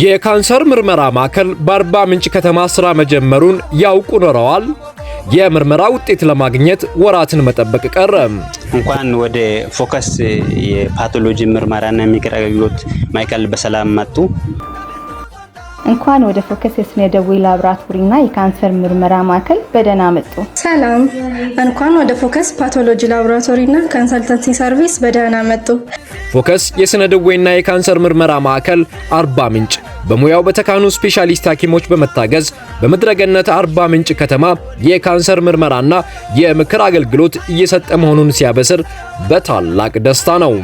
የካንሰር ምርመራ ማዕከል በአርባ ምንጭ ከተማ ሥራ መጀመሩን ያውቁ ኖረዋል? የምርመራ ውጤት ለማግኘት ወራትን መጠበቅ ቀረ። እንኳን ወደ ፎከስ የፓቶሎጂ ምርመራና የምርመራ አገልግሎት ማዕከል በሰላም መጡ። እንኳን ወደ ፎከስ የስነ ደዌ ላብራቶሪና የካንሰር ምርመራ ማዕከል በደህና መጡ። ሰላም፣ እንኳን ወደ ፎከስ ፓቶሎጂ ላብራቶሪና ካንሰልታንሲ ሰርቪስ በደህና መጡ። ፎከስ የስነ ደዌና የካንሰር ምርመራ ማዕከል አርባ ምንጭ በሙያው በተካኑ ስፔሻሊስት ሐኪሞች በመታገዝ በምድረገነት አርባ ምንጭ ከተማ የካንሰር ምርመራና የምክር አገልግሎት እየሰጠ መሆኑን ሲያበስር በታላቅ ደስታ ነው።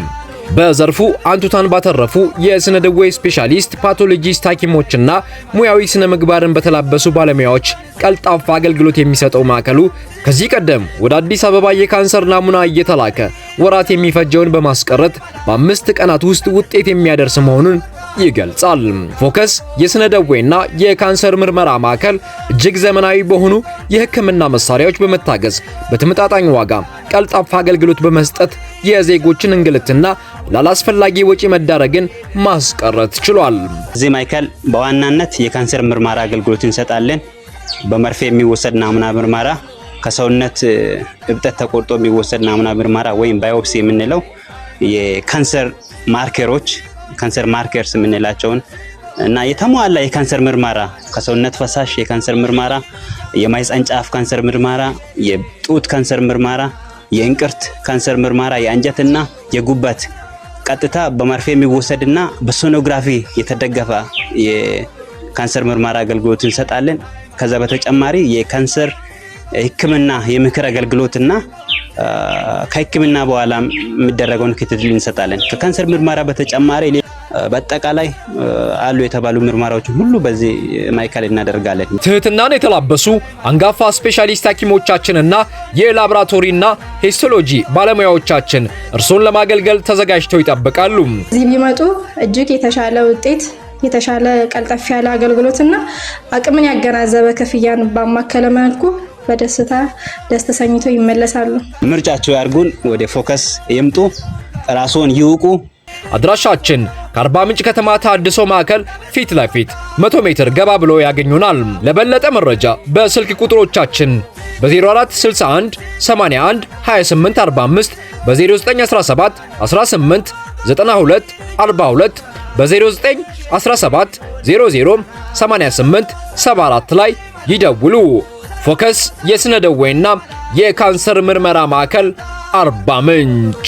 በዘርፉ አንቱታን ባተረፉ የስነ ደዌ ስፔሻሊስት፣ ፓቶሎጂስት ሐኪሞችና ሙያዊ ስነ ምግባርን በተላበሱ ባለሙያዎች ቀልጣፋ አገልግሎት የሚሰጠው ማዕከሉ ከዚህ ቀደም ወደ አዲስ አበባ የካንሰር ናሙና እየተላከ ወራት የሚፈጀውን በማስቀረት በአምስት ቀናት ውስጥ ውጤት የሚያደርስ መሆኑን ይገልጻል። ፎከስ የስነ ደዌና የካንሰር ምርመራ ማዕከል እጅግ ዘመናዊ በሆኑ የሕክምና መሳሪያዎች በመታገዝ በተመጣጣኝ ዋጋ ቀልጣፋ አገልግሎት በመስጠት የዜጎችን እንግልትና ላላስፈላጊ ወጪ መዳረግን ማስቀረት ችሏል። እዚህ ማዕከል በዋናነት የካንሰር ምርመራ አገልግሎት እንሰጣለን። በመርፌ የሚወሰድ ናሙና ምርመራ፣ ከሰውነት እብጠት ተቆርጦ የሚወሰድ ናሙና ምርመራ ወይም ባዮፕሲ የምንለው የካንሰር ማርኬሮች ካንሰር ማርኬርስ የምንላቸውን እና የተሟላ የካንሰር ምርመራ ከሰውነት ፈሳሽ የካንሰር ምርመራ፣ የማህፀን ጫፍ ካንሰር ምርመራ፣ የጡት ካንሰር ምርመራ፣ የእንቅርት ካንሰር ምርመራ፣ የአንጀትና የጉበት ቀጥታ በመርፌ የሚወሰድና በሶኖግራፊ የተደገፈ የካንሰር ምርመራ አገልግሎት እንሰጣለን። ከዛ በተጨማሪ የካንሰር ሕክምና የምክር አገልግሎትና ከሕክምና በኋላ የሚደረገውን ክትትል እንሰጣለን። ከካንሰር ምርመራ በተጨማሪ በአጠቃላይ አሉ የተባሉ ምርመራዎችን ሁሉ በዚህ ማዕከል እናደርጋለን። ትህትናን የተላበሱ አንጋፋ ስፔሻሊስት ሐኪሞቻችንና የላብራቶሪና ሂስቶሎጂ ባለሙያዎቻችን እርሶን ለማገልገል ተዘጋጅተው ይጠብቃሉ። እዚህ ቢመጡ እጅግ የተሻለ ውጤት የተሻለ ቀልጠፍ ያለ አገልግሎትና አቅምን ያገናዘበ ክፍያን ባማከለ መልኩ በደስታ ደስ ተሰኝተው ይመለሳሉ። ምርጫቸው ያድርጉን። ወደ ፎከስ ይምጡ። ራስዎን ይውቁ። አድራሻችን ከአርባ ምንጭ ከተማ ታድሶ ማዕከል ፊት ለፊት 100 ሜትር ገባ ብሎ ያገኙናል። ለበለጠ መረጃ በስልክ ቁጥሮቻችን በ0461 81 28 45 በ0917 18 92 42 በ0917 00 88 74 ላይ ይደውሉ። ፎከስ የሥነ ደዌና የካንሰር ምርመራ ማዕከል አርባ ምንጭ